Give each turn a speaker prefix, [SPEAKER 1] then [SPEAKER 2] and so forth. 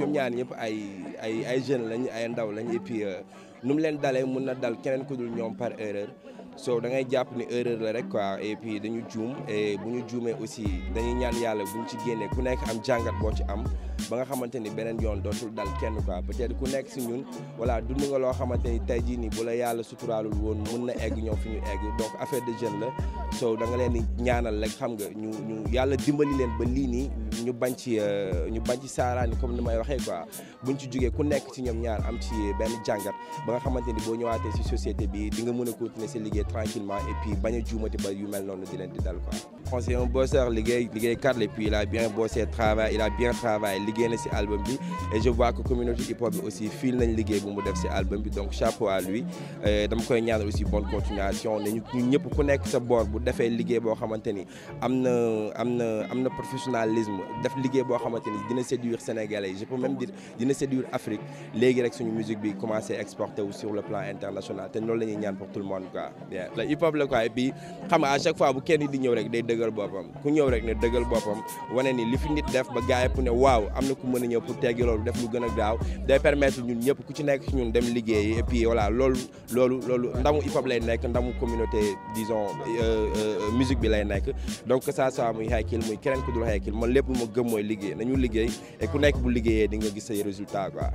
[SPEAKER 1] ñoom ñaar ñëpp ay ay ay jeunes lañ ay ndaw lañ et puis euh, nu mu leen dalee mun na dal keneen ku dul ñoom par erreur so da ngay jàpp ni erreur la rek quoi et dañu juum et bu ñu juumee aussi dañuy ñaan yàlla bu ñu ci génnee ku nekk am jàngat boo ci am ba nga xamante ni beneen yoon dootul dal kenn quoi peut-être ku nekk si ñun voilà dund nga loo xamante ni tey jii nii bu la yàlla suturaalul woon mun na egg ñoom fi ñu egg donc affaire de jeune la. so da nga leen ñaanal rek xam nga ñu ñu yàlla dimbali leen ba lii nii ñu bañ ci euh, ñu bañ ci saaraani comme ni may waxee quoi buñ ci jógee ku nekk ci ñoom ñaar am ci benn jàngat ba nga xamante ni boo ñëwaatee si société bi di nga mën a continuer sa liggéey tranquillement et puis bañ a juumati ba yu mel noonu di leen di dal quoi. on c'est un bosseur liggéey liggéey kat et puis il a bien bossé travail il a bien travaillé liggéey na si album bi et je vois que communauté hip hop bi aussi fiil nañ liggéey bu mu def si album bi donc chapeau à lui dama koy ñaanal aussi bonne continuation ne ñu ñëpp ku nekk sa bor bu defee liggéey boo xamante ni am na am na professionnalisme def liggéey boo xamante ni dina séduire Sénégalais yi je peux même dire dina séduire Afrique léegi rek suñu musique bi commencé exporter aussi sur le plan international te loolu la ñaan pour tout le monde quoi. la hip hop la quoi et puis xam nga à chaque fois bu kenn di ñëw rek day dëggal boppam ku ñëw rek ne dëggal boppam wane ni li fi nit def ba gars yëpp ne waaw am na ku mën a ñëw pour teggi loolu def lu gën a gaaw day permettre ñun ñëpp ku ci nekk ñun dem liggéeyi et puis voilà loolu loolu loolu ndamu hip hop lay nekk ndamu communauté disons. Euh, Euh, musique bi lay nekk donc que ça soit muy Hakill muy keneen ku dul Hakill man lépp lu ma gëm mooy liggéey nañu liggéey et ku nekk bu liggéeyee dinga nga gis say résultat quoi